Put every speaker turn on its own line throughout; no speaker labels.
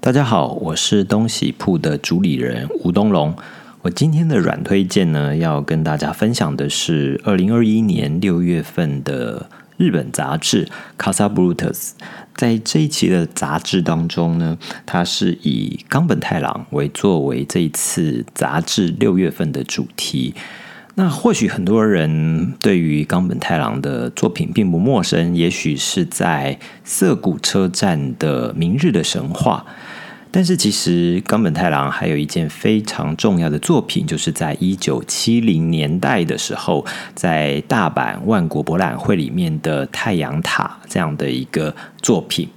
大家好，我是東喜鋪的主理人吳東龍。我今天的阮推薦呢，要跟大家分享的是二零二一年六月份的。日本雜誌《Casa Brutus》在這一期的雜誌當中呢，它是以岡本太郎為作為這一次雜誌六月份的主題。那或許很多人對於岡本太郎的作品並不陌生，也許是在澀谷車站的《明日的神話》。但是其實岡本太郎還有一件非常重要的作品，就是在一九七零年代的時候，在大阪萬國博覽會裡面的太陽塔這樣的一個作品。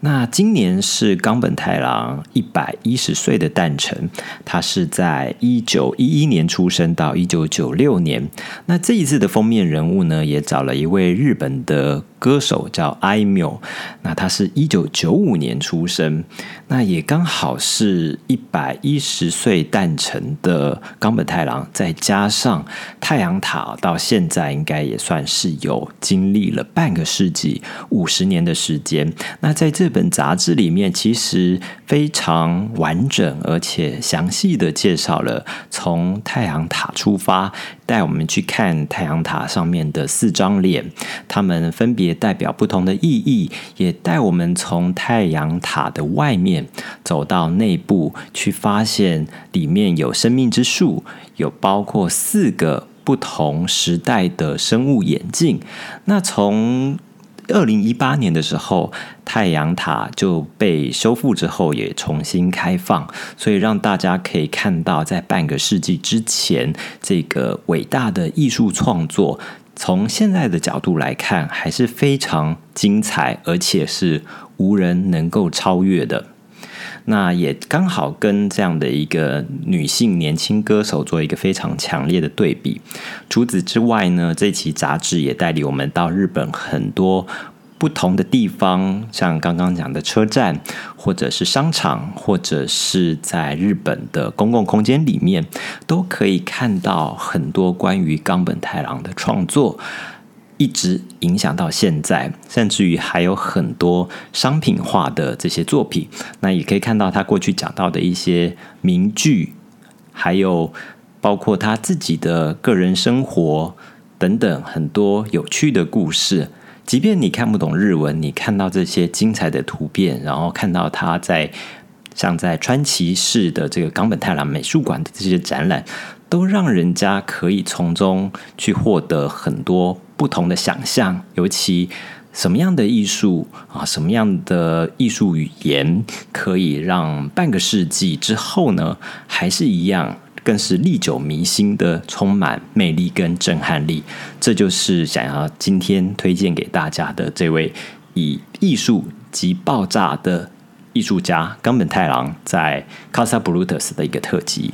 那今年是岡本太郎一百一十歲的誕辰，他是在一九一一年出生到一九九六年。那這一次的封面人物呢，也找了一位日本的。歌手叫 Aimyon，那他是一九九五年出生，那也剛好是一百一十歲誕辰的岡本太郎，再加上太陽塔，到現在應該也算是有經歷了半個世紀，五十年的時間。那在這本雜誌裡面，其實非常完整而且詳細的介紹了，從太陽塔出發，帶我們去看太陽塔上面的四張臉，他們分別。也代表不同的意義，也帶我們從太陽塔的外面走到內部去，發現裡面有生命之樹，有包括四個不同時代的生物眼鏡。那從二零一八年的時候，太陽塔就被修復之後也重新開放，所以讓大家可以看到，在半個世紀之前，這個偉大的藝術創作。從現在的角度來看，還是非常精彩，而且是無人能夠超越的。那也剛好跟這樣的一個女性年輕歌手做一個非常強烈的對比。除此之外呢，這期雜誌也帶領我們到日本很多，不同的地方，像剛剛講的車站，或者是商場，或者是在日本的公共空間裡面，都可以看到很多關於岡本太郎的創作，一直影響到現在，甚至於還有很多商品化的這些作品。那也可以看到他過去講到的一些名句，還有包括他自己的個人生活等等很多有趣的故事。即便你看不懂日文，你看到這些精彩的圖片，然後看到他在像在川崎市的這個岡本太郎美術館的這些展覽，都讓人家可以從中去獲得很多不同的想象。尤其什麼樣的藝術啊，什麼樣的藝術語言，可以讓半個世紀之後呢，還是一樣？更是歷久彌新的，充滿魅力跟震撼力。這就是想要今天推薦給大家的這位以藝術及爆炸的藝術家岡本太郎在 Casa Brutus 的一個特輯。